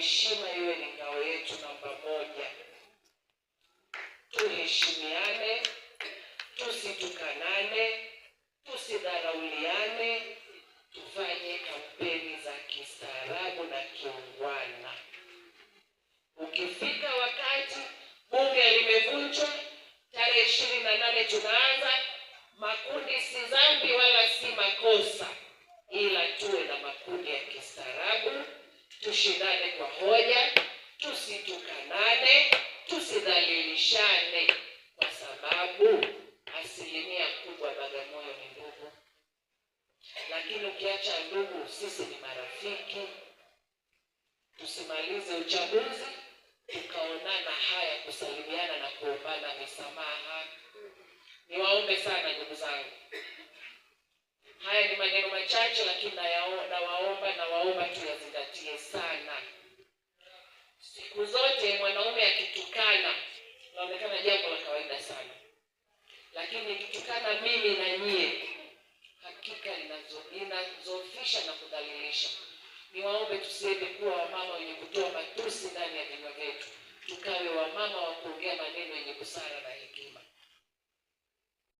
heshima iwe ni ngao yetu namba moja. Tuheshimiane, tusitukanane, tusidharauliane, tufanye kampeni za kistaarabu na kiungwana. Ukifika wakati bunge limevunjwa, tarehe ishirini na nane tunaanza. Makundi si dhambi wala si makosa. tushindane kwa hoja, tusitukanane, tusidhalilishane, kwa sababu asilimia kubwa Bagamoyo ni ndugu, lakini ukiacha ndugu, sisi ni marafiki. Tusimalize uchaguzi tukaonana haya kusalimiana na kuombana misamaha. Niwaombe sana ndugu zangu, haya ni maneno machache, lakini nawaomba na waomba tuyazingatie kuzingatia sana. Siku zote mwanaume akitukana naonekana jambo la kawaida sana, lakini ikitukana mimi na nyie, hakika inazofisha na kudhalilisha. Niwaombe tusiende kuwa wamama wenye kutoa matusi ndani ya vinywa vyetu, tukawe wamama wa kuongea maneno yenye busara na